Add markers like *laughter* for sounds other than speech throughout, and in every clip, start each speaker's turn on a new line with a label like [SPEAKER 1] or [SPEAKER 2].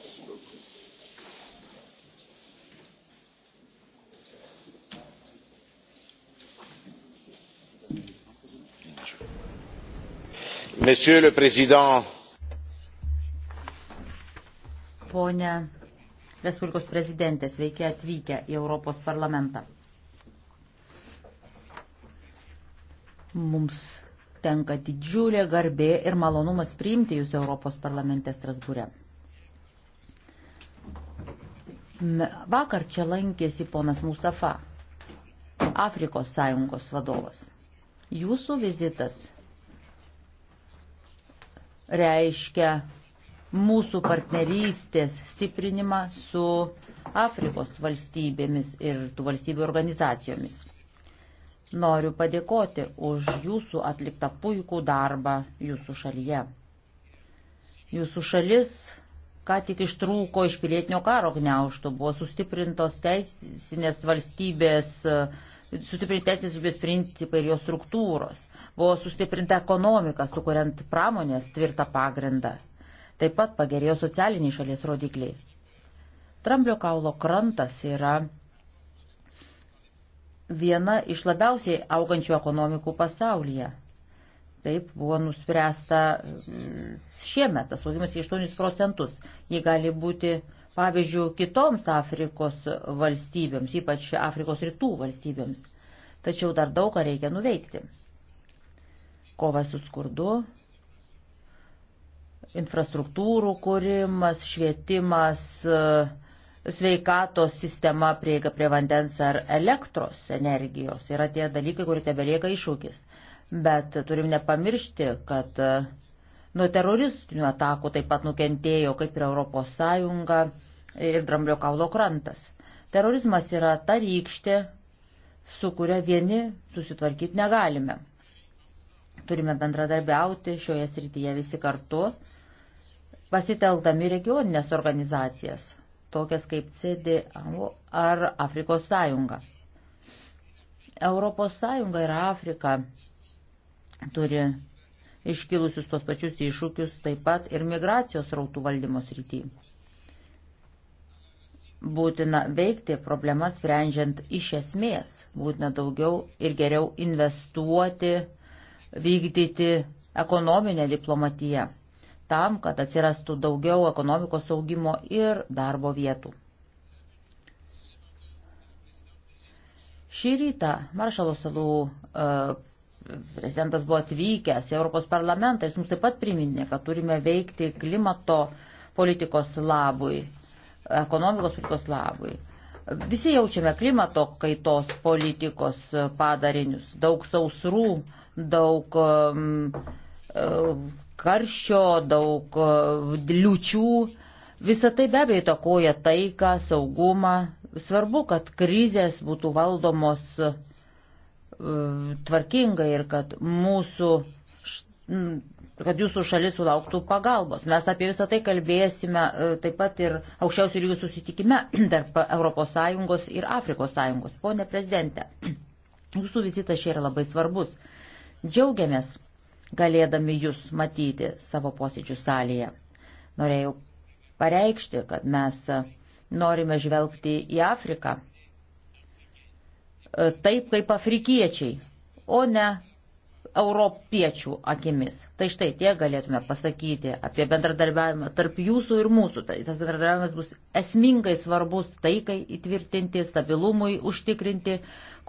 [SPEAKER 1] Merci beaucoup.
[SPEAKER 2] Monsieur le Président.
[SPEAKER 1] Pone Respublikos prezidentė, sveiki atvykę į Europos parlamentą. Mums tenka didžiulė garbė ir malonumas priimti jūs Europos parlamente Strasbūre. Vakar čia lankėsi ponas Mustafa, Afrikos sąjungos vadovas. Jūsų vizitas reiškia mūsų partnerystės stiprinimą su Afrikos valstybėmis ir tų valstybių organizacijomis. Noriu padėkoti už jūsų atliktą puikų darbą jūsų šalyje. Jūsų šalis ką tik ištrūko iš pilietinio karo gneuštų, buvo sustiprintos teisinės valstybės, sustiprinti teisinės valstybės principai ir jos struktūros, buvo sustiprinta ekonomika, sukuriant pramonės tvirtą pagrindą. Taip pat pagerėjo socialiniai šalies rodikliai. Tramblio kaulo krantas yra viena iš labiausiai augančių ekonomikų pasaulyje. Taip buvo nuspręsta mm, šiemet tas augimas į 8 procentus. Jie gali būti pavyzdžių kitoms Afrikos valstybėms, ypač Afrikos rytų valstybėms. Tačiau dar daug ką reikia nuveikti. Kova su skurdu, infrastruktūrų kūrimas, švietimas. Uh, sveikatos sistema, prieiga prie vandens ar elektros energijos yra tie dalykai, kurie tebelieka iššūkis. Bet turim nepamiršti, kad nuo teroristinių atakų taip pat nukentėjo kaip ir Europos Sąjunga ir Dramblio kaulo krantas. Terorizmas yra ta rykštė, su kuria vieni susitvarkyti negalime. Turime bendradarbiauti šioje srityje visi kartu, pasitelkdami regioninės organizacijas, tokias kaip CDAO ar Afrikos sąjunga. Europos sąjunga ir Afrika turi iškilusius tos pačius iššūkius taip pat ir migracijos rautų valdymo srityje. Būtina veikti problemas sprendžiant iš esmės, būtina daugiau ir geriau investuoti, vykdyti ekonominę diplomatiją tam, kad atsirastų daugiau ekonomikos augimo ir darbo vietų. Šį rytą Maršalo salų uh, prezidentas buvo atvykęs į Europos parlamentą ir jis mums taip pat priminė, kad turime veikti klimato politikos labui, ekonomikos politikos labui. Visi jaučiame klimato kaitos politikos padarinius, daug sausrų, daug um, uh, karščio, daug e, liučių. Visą tai be abejo įtakoja taiką, saugumą. Svarbu, kad krizės būtų valdomos e, tvarkingai ir kad mūsų kad jūsų šalis sulauktų pagalbos. Mes apie visą tai kalbėsime e, taip pat ir aukščiausių lygių susitikime *clears throat* tarp ES ir AS. Pone prezidente, *clears throat* jūsų vizitas čia yra labai svarbus. Džiaugiamės, galėdami jūs matyti savo posėdžių salėje. Norėjau pareikšti, kad mes norime žvelgti į Afriką taip kaip afrikiečiai, o ne europiečių akimis. Tai štai tie galėtume pasakyti apie bendradarbiavimą tarp jūsų ir mūsų. Tai tas bendradarbiavimas bus esmingai svarbus taikai įtvirtinti, stabilumui užtikrinti,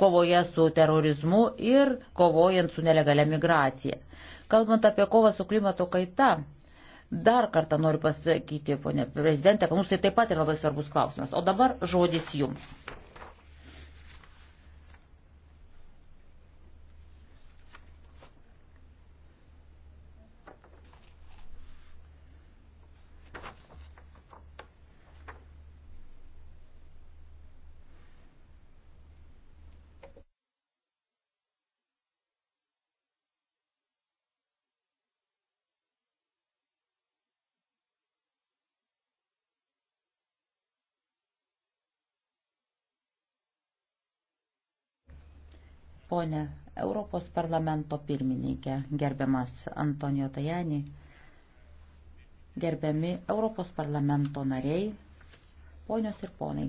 [SPEAKER 1] kovoje su terorizmu ir kovojant su nelegalia migracija. Kalbant apie kovą su klimato kaita, dar kartą noriu pasakyti, ponė prezidentė, kad mums tai taip pat yra labai svarbus klausimas. O dabar žodis jums. Pone Europos parlamento pirmininkė, gerbiamas Antonijo Tajani, gerbiami Europos parlamento nariai, ponios ir ponai.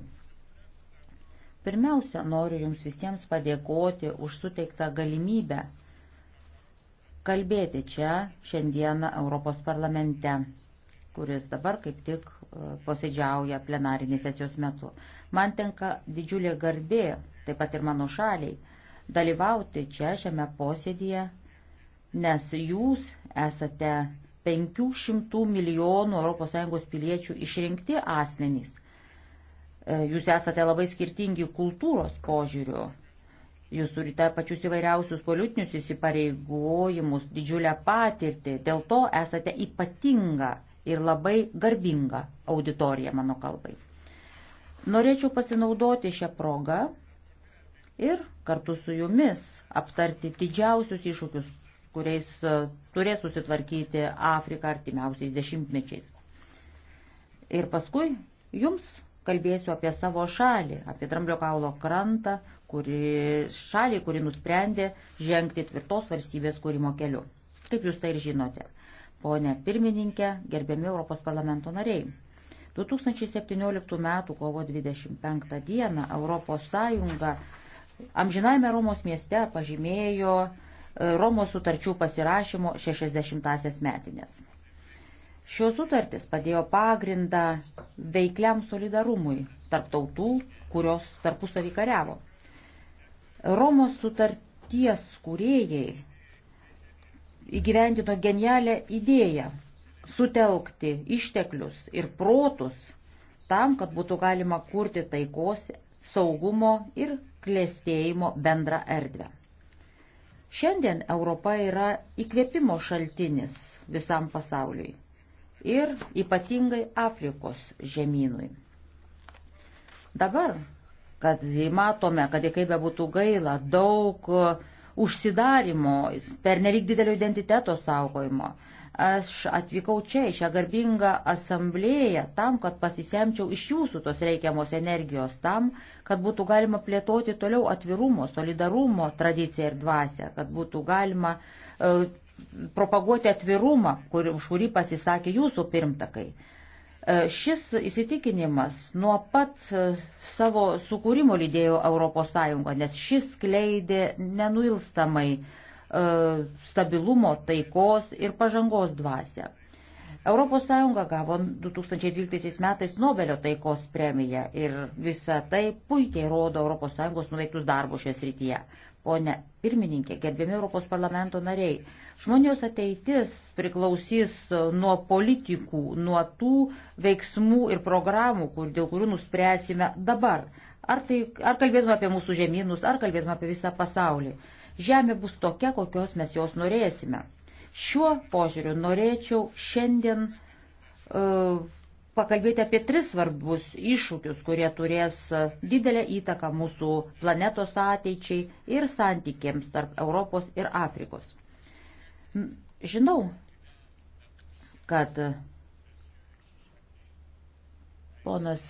[SPEAKER 1] Pirmiausia, noriu Jums visiems padėkoti už suteiktą galimybę kalbėti čia šiandieną Europos parlamente, kuris dabar kaip tik e, posėdžiauja plenarinės sesijos metu. Man tenka didžiulė garbė, taip pat ir mano šaliai, dalyvauti čia šiame posėdėje, nes jūs esate 500 milijonų ES piliečių išrinkti asmenys. E, jūs esate labai skirtingi kultūros požiūriu. Jūs turite pačius įvairiausius politinius įsipareigojimus, didžiulę patirtį. Dėl to esate ypatinga ir labai garbinga auditorija mano kalbai. Norėčiau pasinaudoti šią progą ir kartu su jumis aptarti didžiausius iššūkius, kuriais e, turės susitvarkyti Afrika artimiausiais dešimtmečiais. Ir paskui jums kalbėsiu apie savo šalį, apie Dramblio kaulo krantą, kuri, šalį, kuri nusprendė žengti tvirtos valstybės kūrimo keliu. Kaip jūs tai ir žinote, ponė pirmininkė, gerbiami Europos parlamento nariai. 2017 m. kovo 25 d. Europos Sąjunga Amžinajame Romos mieste pažymėjo e, Romos sutarčių pasirašymo 60-asias metinės. Šios sutartys padėjo pagrindą veikliam solidarumui tarp tautų, kurios tarpusavį kariavo. Romos sutarties kūrėjai įgyvendino genialią idėją sutelkti išteklius ir protus tam, kad būtų galima kurti taikos saugumo ir klėstėjimo bendrą erdvę. Šiandien Europa yra įkvėpimo šaltinis visam pasauliui ir ypatingai Afrikos žemynui. Dabar, kad matome, kad ir kaip be būtų gaila, daug užsidarimo, per nelik didelio identiteto saugojimo, Aš atvykau čia į šią garbingą asamblėją tam, kad pasisemčiau iš jūsų tos reikiamos energijos, tam, kad būtų galima plėtoti toliau atvirumo, solidarumo tradiciją ir dvasę, kad būtų galima uh, propaguoti atvirumą, kur, už kurį pasisakė jūsų pirmtakai. E, šis įsitikinimas nuo pat e, savo sukūrimo lydėjo ES, nes šis kleidė nenuilstamai E, stabilumo, taikos ir pažangos dvasę. ES gavo 2012 metais Nobelio taikos premiją ir visa tai puikiai rodo ES nuveiktus darbus šią srityje. Pone pirmininkė, gerbiami Europos parlamento nariai, žmonijos ateitis priklausys nuo politikų, nuo tų veiksmų ir programų, kur, dėl kurių nuspręsime dabar. Ar, tai, ar kalbėtume apie mūsų žemynus, ar kalbėtume apie visą pasaulį. Žemė bus tokia, kokios mes jos norėsime. Šiuo požiūriu norėčiau šiandien uh, pakalbėti apie tris svarbus iššūkius, kurie turės e, didelę įtaką mūsų planetos ateičiai ir santykiams tarp Europos ir Afrikos. Žinau, kad ponas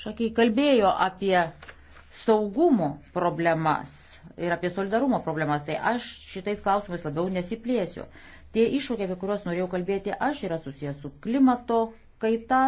[SPEAKER 1] Šakiai kalbėjo apie saugumo problemas ir apie solidarumo problemas, tai aš šitais klausimais labiau nesiplėsiu. Tie iššūkiai, apie kuriuos norėjau kalbėti, aš yra susijęs su klimato kaita,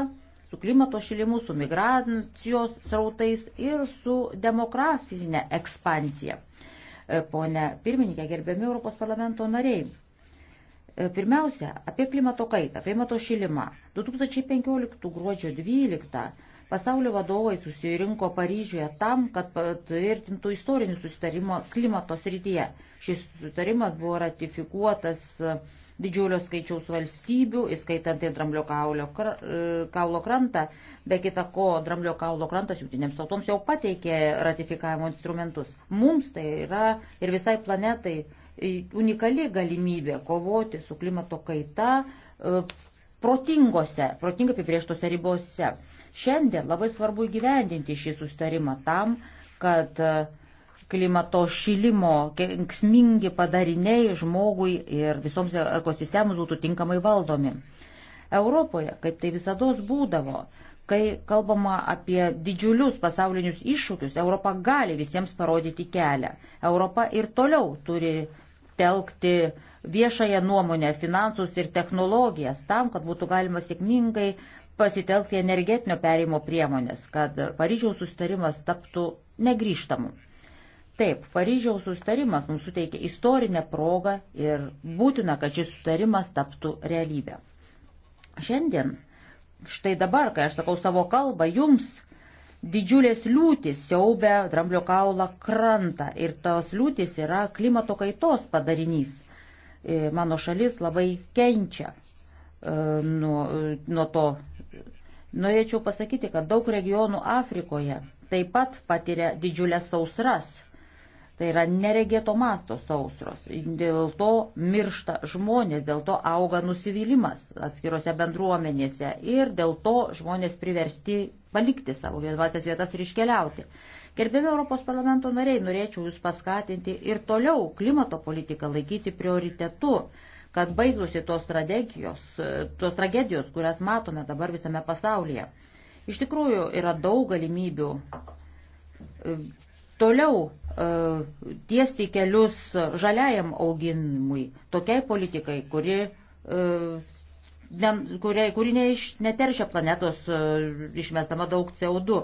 [SPEAKER 1] su klimato šilimu, su migracijos srautais ir su demografinė ekspansija. E, pone pirmininkė, gerbiami Europos parlamento nariai. E, pirmiausia, apie klimato kaitą, klimato šilimą. 2015 gruodžio 12 Pasaulio vadovai susirinko Paryžiuje tam, kad patvirtintų istorinį susitarimą klimato srityje. Šis susitarimas buvo ratifikuotas didžiulio skaičiaus valstybių, įskaitant ir Dramblio kaulio, kaulo krantą, be kita ko Dramblio kaulo krantas jungtinėms tautoms jau pateikė ratifikavimo instrumentus. Mums tai yra ir visai planetai unikali galimybė kovoti su klimato kaita, protingose, protingai apibrieštose ribose. Šiandien labai svarbu įgyvendinti šį sustarimą tam, kad e, klimato šilimo kenksmingi padariniai žmogui ir visoms ekosistemams būtų tinkamai valdomi. Europoje, kaip tai visada būdavo, kai kalbama apie didžiulius pasaulinius iššūkius, Europa gali visiems parodyti kelią. Europa ir toliau turi telkti viešąją nuomonę, finansus ir technologijas tam, kad būtų galima sėkmingai pasitelkti energetinio perėjimo priemonės, kad Paryžiaus sustarimas taptų negryžtamu. Taip, Paryžiaus sustarimas mums suteikia istorinę progą ir būtina, kad šis sustarimas taptų realybę. Šiandien, štai dabar, kai aš sakau savo kalbą, jums didžiulės liūtis siaubia dramblio kaulą krantą ir tos liūtis yra klimato kaitos padarinys. E, mano šalis labai kenčia e, nuo, e, nuo to. Norėčiau pasakyti, kad daug regionų Afrikoje taip pat patiria didžiulės sausras. Tai yra neregėto masto sausros. Dėl to miršta žmonės, dėl to auga nusivylimas atskirose bendruomenėse ir dėl to žmonės priversti palikti savo gyvenamasias vietas ir iškeliauti. Gerbėmi Europos parlamento nariai, norėčiau Jūs paskatinti ir toliau klimato politiką laikyti prioritetu kad baigtųsi tos, tos tragedijos, kurias matome dabar visame pasaulyje. Iš tikrųjų yra daug galimybių e, toliau e, tiesti kelius žaliajam augimui, tokiai politikai, kuri, e, kuri, kuri neiš, neteršia planetos išmestama daug CO2.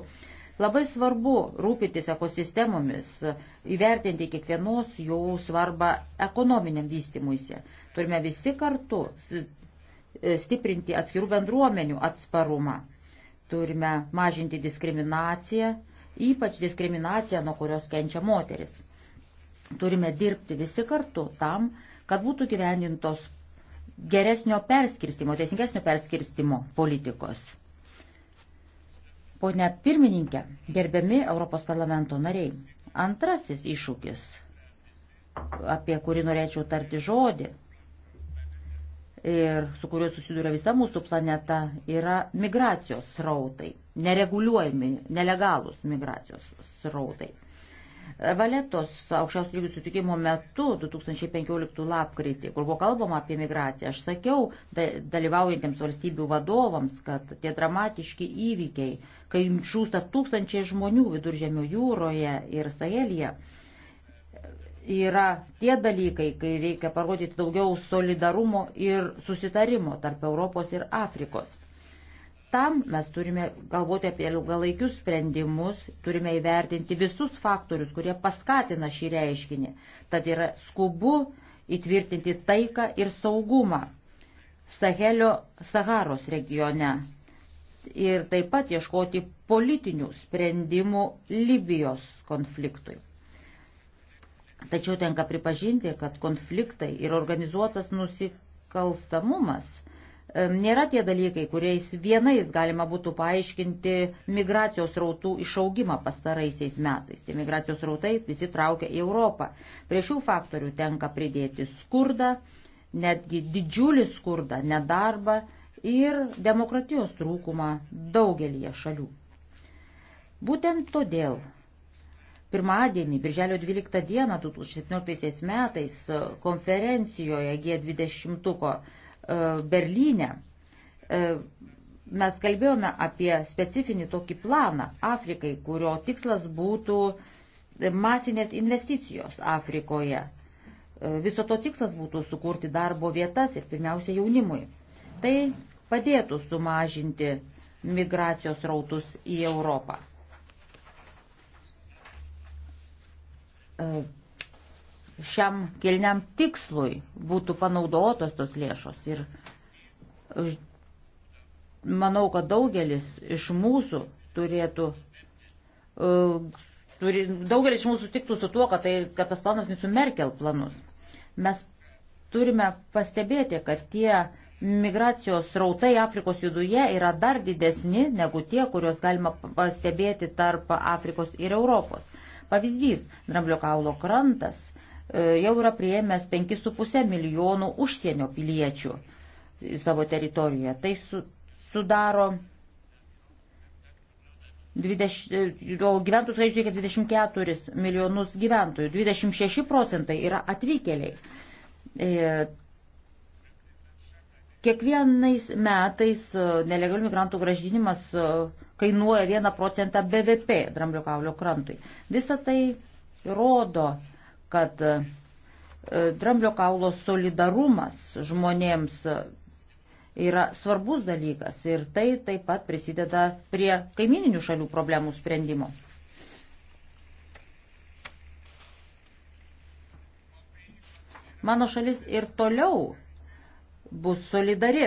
[SPEAKER 1] Labai svarbu rūpintis ekosistemomis, įvertinti kiekvienos jų svarbą ekonominiam vystimuisi. Turime visi kartu e, stiprinti atskirų bendruomenių atsparumą. Turime mažinti diskriminaciją, ypač diskriminaciją, nuo kurios kenčia moteris. Turime dirbti visi kartu tam, kad būtų gyvendintos geresnio perskirstimo, teisingesnio perskirstimo politikos Pone pirmininkė, gerbiami Europos parlamento nariai, antrasis iššūkis, apie kurį norėčiau tarti žodį ir su kuriuo susiduria visa mūsų planeta, yra migracijos srautai, nereguliuojami, nelegalūs migracijos srautai. Valetos aukščiausių lygių sutikimo metu 2015 lapkritį, kur buvo kalbama apie migraciją, aš sakiau dalyvaujantiems valstybių vadovams, kad tie dramatiški įvykiai, kai žūsta tūkstančiai žmonių viduržėmio jūroje ir Sahelėje, yra tie dalykai, kai reikia parodyti daugiau solidarumo ir susitarimo tarp Europos ir Afrikos. Tam mes turime galvoti apie ilgalaikius sprendimus, turime įvertinti visus faktorius, kurie paskatina šį reiškinį. Tad yra skubu įtvirtinti taiką ir saugumą Sahelio Saharos regione ir taip pat ieškoti politinių sprendimų Libijos konfliktui. Tačiau tenka pripažinti, kad konfliktai ir organizuotas nusikalstamumas nėra tie dalykai, kuriais vienais galima būtų paaiškinti migracijos rautų išaugimą pastaraisiais metais. Tie migracijos rautai visi traukia į Europą. Prie šių faktorių tenka pridėti skurdą, netgi didžiulį skurdą, nedarbą ir demokratijos trūkumą daugelį šalių. Būtent todėl Pirmadienį, birželio 12 dieną 2017 metais konferencijoje G20 E, Berlyne e, mes kalbėjome apie specifinį tokį planą Afrikai, kurio tikslas būtų masinės investicijos Afrikoje. E, viso to tikslas būtų sukurti darbo vietas ir pirmiausia jaunimui. Tai padėtų sumažinti migracijos rautus į Europą šiam kilniam tikslui būtų panaudotos tos lėšos. Ir manau, kad daugelis iš mūsų turėtų, e, turi, daugelis iš mūsų tiktų su tuo, kad, tai, kad tas planas mūsų Merkel planus. Mes turime pastebėti, kad tie migracijos srautai Afrikos juduje yra dar didesni negu tie, kuriuos galima pastebėti tarp Afrikos ir Europos. Pavyzdys, Dramblio kaulo krantas E, jau yra prieėmęs 5,5 milijonų užsienio piliečių savo teritorijoje. Tai su, sudaro 20, e, gyventojų skaičius reikia 24 milijonus gyventojų, 26 procentai yra atvykėliai. E, kiekvienais metais nelegalių migrantų gražinimas kainuoja 1 procentą BVP dramblio kaulio krantui. Visą tai rodo, kad e, dramblio kaulo solidarumas žmonėms yra svarbus dalykas ir tai taip pat prisideda prie kaimininių šalių problemų sprendimo. Mano šalis ir toliau bus solidari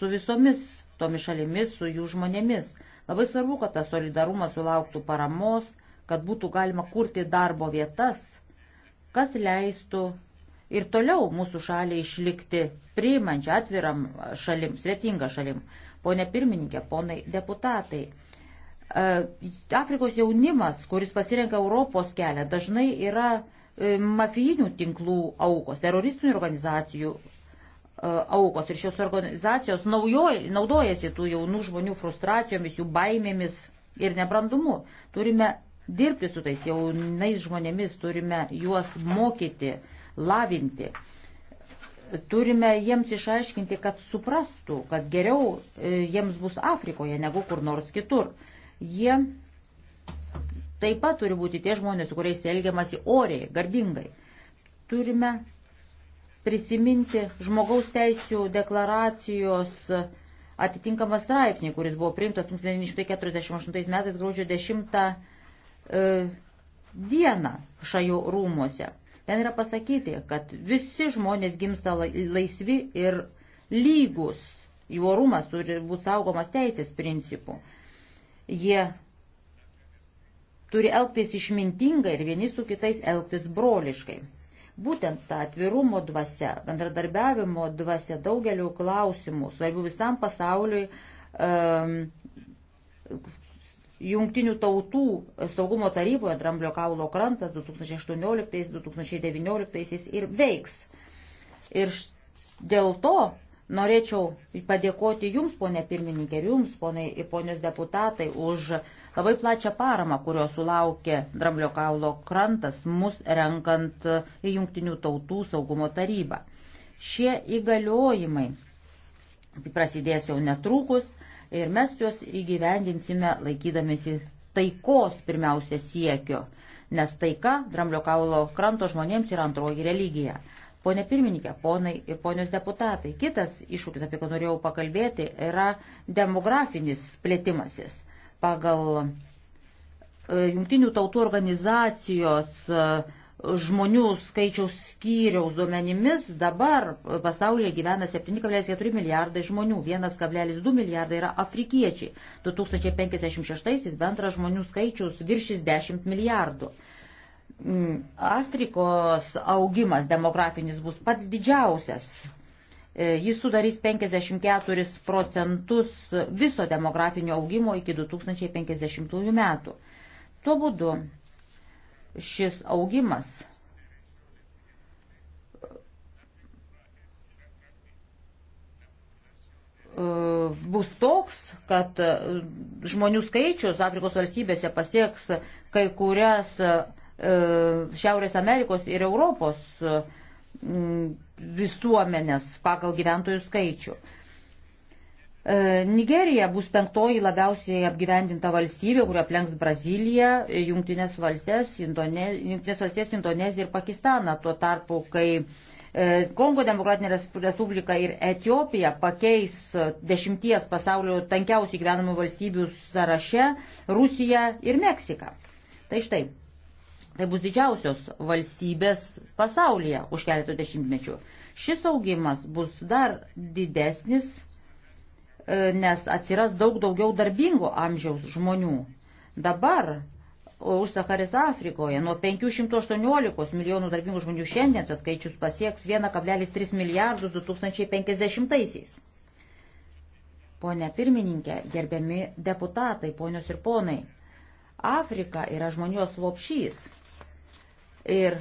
[SPEAKER 1] su visomis tomis šalimis, su jų žmonėmis. Labai svarbu, kad tas solidarumas sulauktų paramos kad būtų galima kurti darbo vietas, kas leistų ir toliau mūsų šaliai išlikti priimančią atviram šalim, svetingą šalim. Pone pirmininkė, ponai deputatai. E, Afrikos jaunimas, kuris pasirenka Europos kelią, dažnai yra e, mafijinių tinklų aukos, teroristinių organizacijų e, aukos ir šios organizacijos naujoj, naudojasi tų jaunų žmonių frustracijomis, jų baimėmis ir nebrandumu. Turime dirbti su tais jaunais žmonėmis, turime juos mokyti, lavinti. Turime jiems išaiškinti, kad suprastų, kad geriau e, jiems bus Afrikoje negu kur nors kitur. Jie taip pat turi būti tie žmonės, su kuriais elgiamasi oriai, garbingai. Turime prisiminti žmogaus teisų deklaracijos atitinkamą straipsnį, kuris buvo priimtas 1948 metais gruodžio 10 dieną e, šajų rūmose. Ten yra pasakyti, kad visi žmonės gimsta laisvi ir lygus. Jų orumas turi būti saugomas teisės principų. Jie turi elgtis išmintingai ir vieni su kitais elgtis broliškai. Būtent ta atvirumo dvasia, bendradarbiavimo dvasia daugeliu klausimų, svarbių visam pasauliui, um, Jungtinių tautų e, saugumo taryboje Dramblio kaulo krantas 2018-2019 ir veiks. Ir dėl to norėčiau padėkoti Jums, ponė pirmininkė, ir Jums, ponai ir ponios deputatai, už labai plačią paramą, kurio sulaukė Dramblio kaulo krantas, mus renkant į Jungtinių tautų saugumo tarybą. Šie įgaliojimai prasidės jau netrukus ir mes juos įgyvendinsime laikydamėsi taikos pirmiausia siekio, nes taika Dramblio kaulo kranto žmonėms yra antroji religija. Pone pirmininkė, ponai ir ponios deputatai, kitas iššūkis, apie ką norėjau pakalbėti, yra demografinis plėtimasis. Pagal e, Junktinių tautų organizacijos uh, žmonių skaičiaus skyriaus duomenimis dabar pasaulyje gyvena 7,4 milijardai žmonių, 1,2 milijardai yra afrikiečiai, 2056-aisiais bendras žmonių skaičius viršys 10 milijardų. Mm, Afrikos augimas demografinis bus pats didžiausias. E, jis sudarys 54 procentus viso demografinio augimo iki 2050 metų. Tuo būdu šis augimas. bus toks, kad žmonių skaičius Afrikos valstybėse pasieks kai kurias e, Šiaurės Amerikos ir Europos visuomenės pagal gyventojų skaičių. E, Nigerija bus penktoji labiausiai apgyvendinta valstybė, kuria aplenks Braziliją, Junktinės valstijas, Indone... Junktinės valstijas Indoneziją ir Pakistaną. Tuo tarpu, kai e, Kongo Demokratinė Respublika ir Etijopija pakeis dešimties pasaulio tankiausiai gyvenamų valstybių sąraše Rusiją ir Meksiką. Tai štai, tai bus didžiausios valstybės pasaulyje už keletų dešimtmečių. Šis augimas bus dar didesnis E, nes atsiras daug daugiau darbingo amžiaus žmonių. Dabar užsacharis Afrikoje nuo 518 milijonų darbingų žmonių šiandien šis skaičius pasieks 1,3 milijardus 2050-aisiais. Pone pirmininkė, gerbiami deputatai, ponios ir ponai, Afrika yra žmonijos lopšys. Ir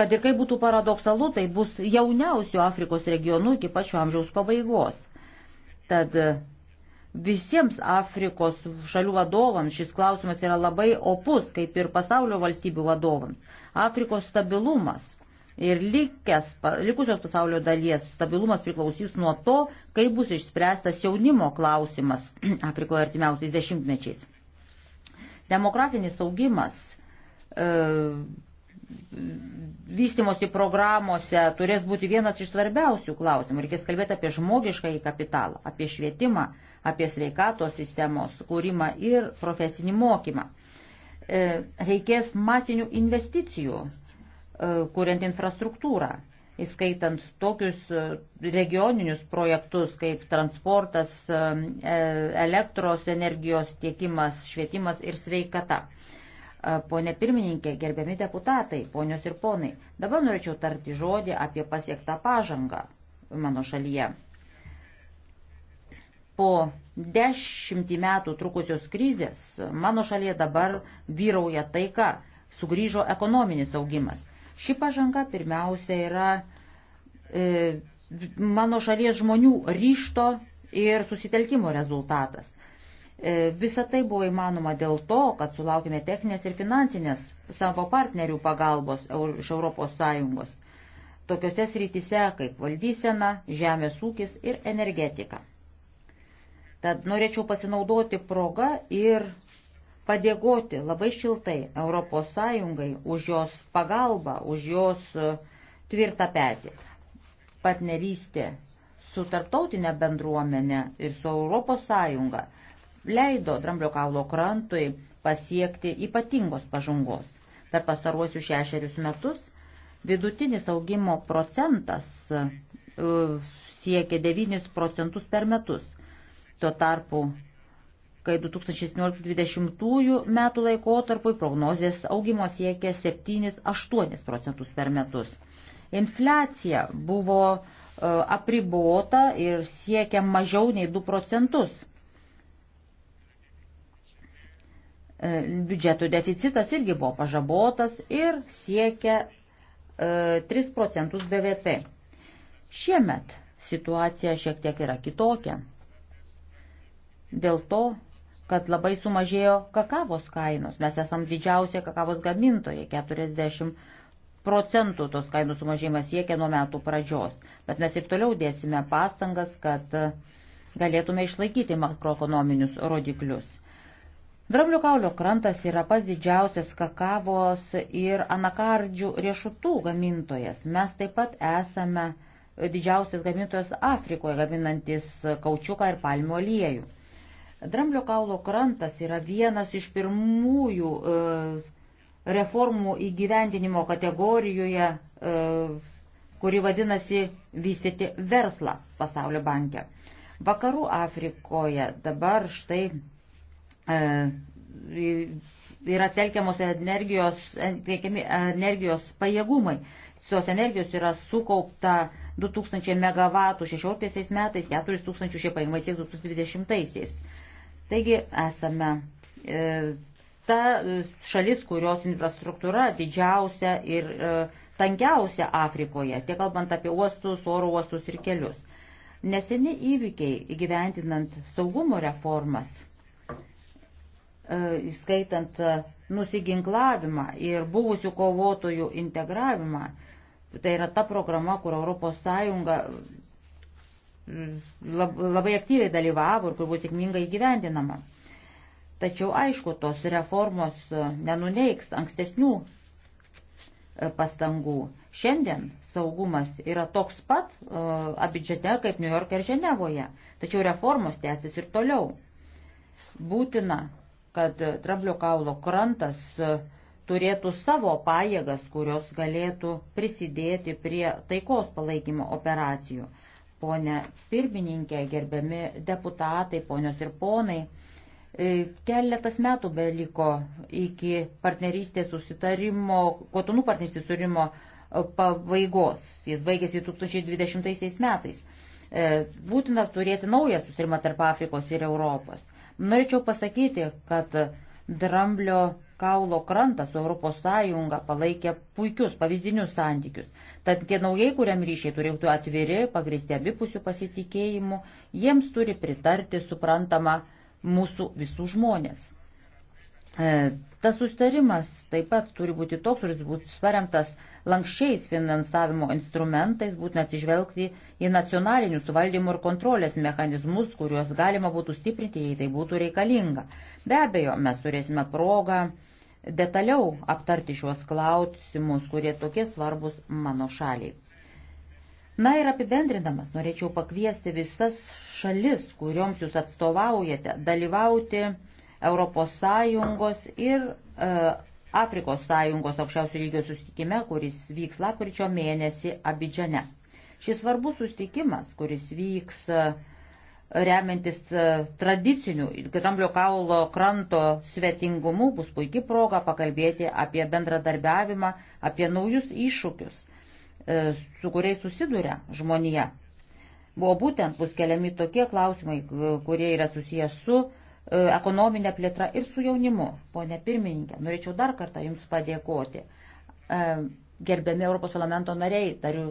[SPEAKER 1] kad ir kaip būtų paradoksalu, tai bus jauniausių Afrikos regionų iki pačio amžiaus pabaigos. Tad visiems Afrikos šalių vadovams šis klausimas yra labai opus, kaip ir pasaulio valstybių vadovams. Afrikos stabilumas ir likęs, likusios pasaulio dalies stabilumas priklausys nuo to, kaip bus išspręstas jaunimo klausimas *clears throat* Afrikoje artimiausiais dešimtmečiais. Demografinis augimas. E, vystimosi programuose turės būti vienas iš svarbiausių klausimų. Reikės kalbėti apie žmogiškąjį kapitalą, apie švietimą, apie sveikatos sistemos kūrimą ir profesinį mokymą. E, reikės masinių investicijų, e, kuriant infrastruktūrą, įskaitant tokius e, regioninius projektus kaip transportas, elektros energijos tiekimas, švietimas ir sveikata. Pone pirmininkė, gerbiami deputatai, ponios ir ponai, dabar norėčiau tarti žodį apie pasiektą pažangą mano šalyje. Po dešimtį metų trukusios krizės mano šalyje dabar vyrauja taika, sugrįžo ekonominis augimas. Ši pažanga pirmiausia yra e, mano šalies žmonių ryšto ir susitelkimo rezultatas. E, visa tai buvo įmanoma dėl to, kad sulaukime techninės ir finansinės savo partnerių pagalbos iš ES, tokiuose srityse kaip valdysena, žemės ūkis ir energetika. Tad norėčiau pasinaudoti progą ir padėkoti labai šiltai ES už jos pagalbą, už jos e, tvirtą petį. Partnerystė su tarptautinė bendruomenė ir su ES leido Dramblio kaulo krantui pasiekti ypatingos pažangos. Per pastaruosius šešerius metus vidutinis augimo procentas e, siekia 9 procentus per metus. Tuo tarpu, kai 2017-2020 metų laikotarpui prognozijas augimo siekia 7-8 procentus per metus. Infliacija buvo e, apribota ir siekia mažiau nei 2 procentus. E, biudžeto deficitas irgi buvo pažabotas ir siekia 3 e, procentus BVP. Šiemet situacija šiek tiek yra kitokia. Dėl to, kad labai sumažėjo kakavos kainos. Mes esam didžiausia kakavos gamintoje - 40 procentų tos kainų sumažėjimas siekia nuo metų pradžios. Bet mes ir toliau dėsime pastangas, kad galėtume išlaikyti makroekonominius rodiklius. Dramblio kaulio krantas yra pats didžiausias kakavos ir anakardžių riešutų gamintojas. Mes taip pat esame didžiausias gamintojas Afrikoje, gaminantis kaučiuką ir palmių aliejų. Dramblio kaulo krantas yra vienas iš pirmųjų e, reformų įgyvendinimo kategorijoje, e, kuri vadinasi vystyti verslą pasaulio banke. Vakarų Afrikoje dabar štai E, yra telkiamos energijos, telkiami energijos pajėgumai. Tos energijos yra sukaupta 2000 MW 16 metais, 4000 šie pajėgumai sieks 2020. -aisiais. Taigi esame e, ta šalis, kurios infrastruktūra didžiausia ir e, tankiausia Afrikoje, tiek kalbant apie uostus, oro uostus ir kelius. Neseni įvykiai įgyventinant saugumo reformas E, įskaitant e, nusiginklavimą ir buvusių kovotojų integravimą. Tai yra ta programa, kur ES e, labai aktyviai dalyvavo ir kur buvo sėkmingai įgyvendinama. Tačiau aišku, tos reformos nenuneiks ankstesnių pastangų. Šiandien saugumas yra toks pat uh, abidžete kaip New York ir Ženevoje, tačiau reformos tęsis ir toliau. Būtina kad Trablio kaulo krantas e, turėtų savo pajėgas, kurios galėtų prisidėti prie taikos palaikymo operacijų. Pone pirmininkė, gerbiami deputatai, ponios ir ponai, e, keletas metų beliko iki partnerystės susitarimo, kotonų partnerystės susitarimo e, pabaigos. Jis baigėsi 2020 metais. Būtina turėti naują susitarimą tarp Afrikos ir Europos. Norėčiau pasakyti, kad dramblio kaulo krantas su ES palaikė puikius pavyzdinius santykius. Tad tie naujai, kuriam ryšiai turėtų atviri, pagristi abipusių pasitikėjimų, jiems turi pritarti suprantama mūsų visų žmonės. E, tas sustarimas taip pat turi būti toks, kuris būtų paremtas lankščiais finansavimo instrumentais būtina atsižvelgti į nacionalinius valdymo ir kontrolės mechanizmus, kuriuos galima būtų stiprinti, jei tai būtų reikalinga. Be abejo, mes turėsime progą detaliau aptarti šiuos klausimus, kurie tokie svarbus mano šaliai. Na ir apibendrindamas, norėčiau pakviesti visas šalis, kurioms jūs atstovaujate, dalyvauti ES ir e, Afrikos sąjungos aukščiausių lygio susitikime, kuris vyks lapkričio mėnesį Abidžane. Šis svarbus susitikimas, kuris vyks e, remiantis e, tradicinių Dramblio kaulo kranto svetingumu, bus puikia proga pakalbėti apie bendradarbiavimą, apie naujus iššūkius, e, su kuriais susiduria žmonija. Buvo būtent bus keliami tokie klausimai, kurie yra susijęs su E, ekonominė plėtra ir su jaunimu. Pone pirmininkė, norėčiau dar kartą Jums padėkoti. E, gerbiami Europos parlamento nariai, tariu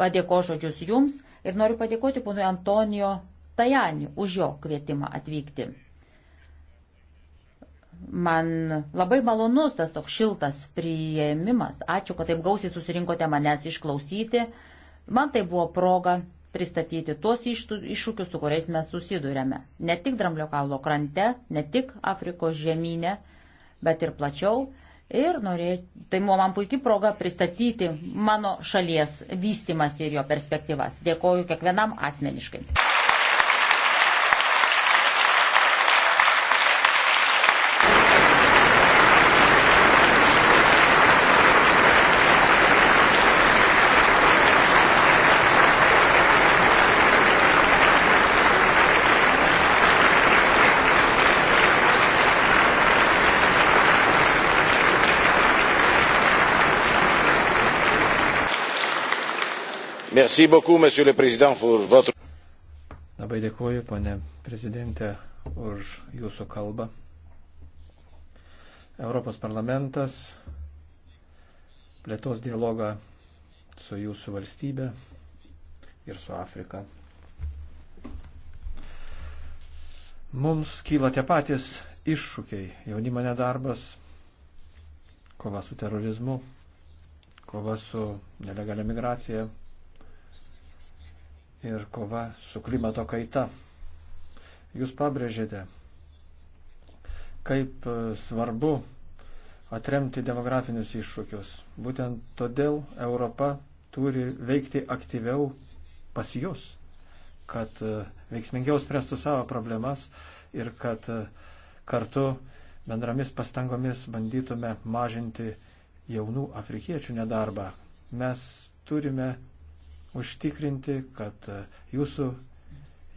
[SPEAKER 1] padėko žodžius Jums ir noriu padėkoti ponui Antonijo Tajani už jo kvietimą atvykti. Man labai malonus tas toks šiltas prieimimas. Ačiū, kad taip gausiai susirinkote manęs išklausyti. Man tai buvo proga pristatyti tuos iššūkius, su kuriais mes susidurėme. Ne tik Dramblio kalno krante, ne tik Afrikos žemynė, bet ir plačiau. Ir norėjau, tai buvo man puikia proga pristatyti mano šalies vystimas ir jo perspektyvas. Dėkoju kiekvienam asmeniškai.
[SPEAKER 2] Merci beaucoup, monsieur le président, pour votre. Labai dėkuoju, ponė prezidentė, už jūsų kalbą. Europos parlamentas plėtos dialogą su jūsų valstybe ir su Afrika. Mums kyla tie patys iššūkiai - jaunimo nedarbas, kova su terorizmu, kova su nelegalia migracija, ir kova su klimato kaita. Jūs pabrėžėte, kaip e, svarbu atremti demografinius iššūkius. Būtent todėl Europa turi veikti aktyviau pas jūs, kad e, veiksmingiau spręstų savo problemas ir kad e, kartu bendromis pastangomis bandytume mažinti jaunų afrikiečių nedarbą. Mes turime užtikrinti, kad e, jūsų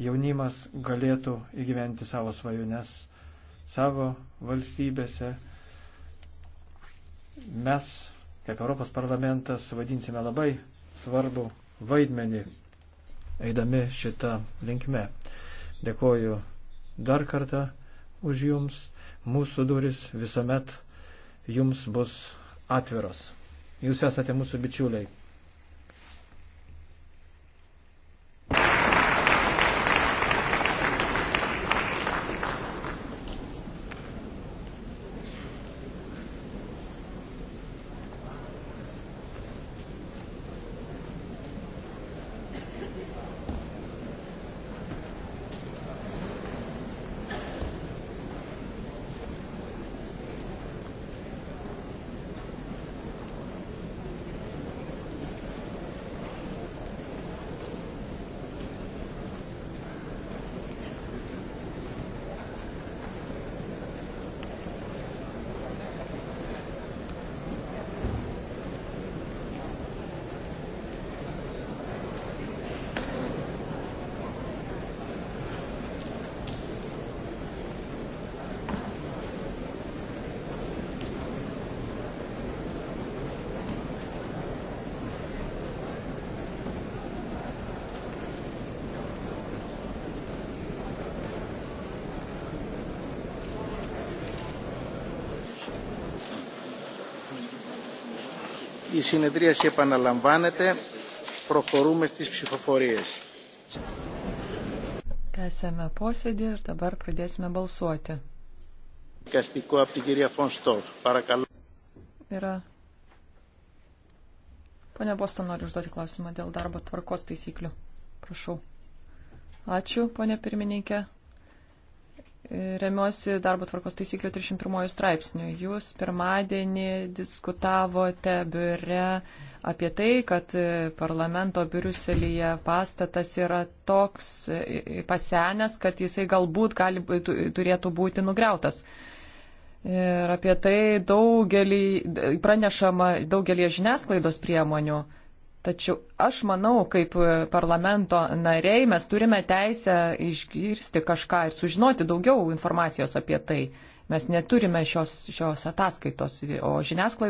[SPEAKER 2] jaunimas galėtų įgyventi savo svajones savo valstybėse. Mes, kaip Europos parlamentas, vadinsime labai svarbu vaidmenį, eidami šitą linkme. Dėkoju dar kartą už jums. Mūsų duris visuomet jums bus atviros. Jūs esate mūsų bičiuliai. Η συνεδρίαση επαναλαμβάνεται. Προχωρούμε στις ψηφοφορίες.
[SPEAKER 1] Tęsėme posėdį ir dabar pradėsime balsuoti.
[SPEAKER 2] Καστικό από την κυρία Φωνστόρ. Παρακαλώ.
[SPEAKER 1] Yra. Pone Bosto, noriu užduoti klausimą dėl darbo tvarkos taisyklių. Prašau. Ačiū, ponė pirmininkė. Remiuosi darbo tvarkos taisyklių 301 straipsnių. Jūs pirmadienį diskutavote biure apie tai, kad parlamento Briuselėje pastatas yra toks pasenęs, kad jisai galbūt gali, turėtų būti nugriautas. Ir apie tai daugelį, pranešama daugelį žiniasklaidos priemonių. Tačiau aš manau, kaip parlamento nariai, mes turime teisę išgirsti kažką ir sužinoti daugiau informacijos apie tai. Mes neturime šios, šios ataskaitos, o žiniasklaidoje.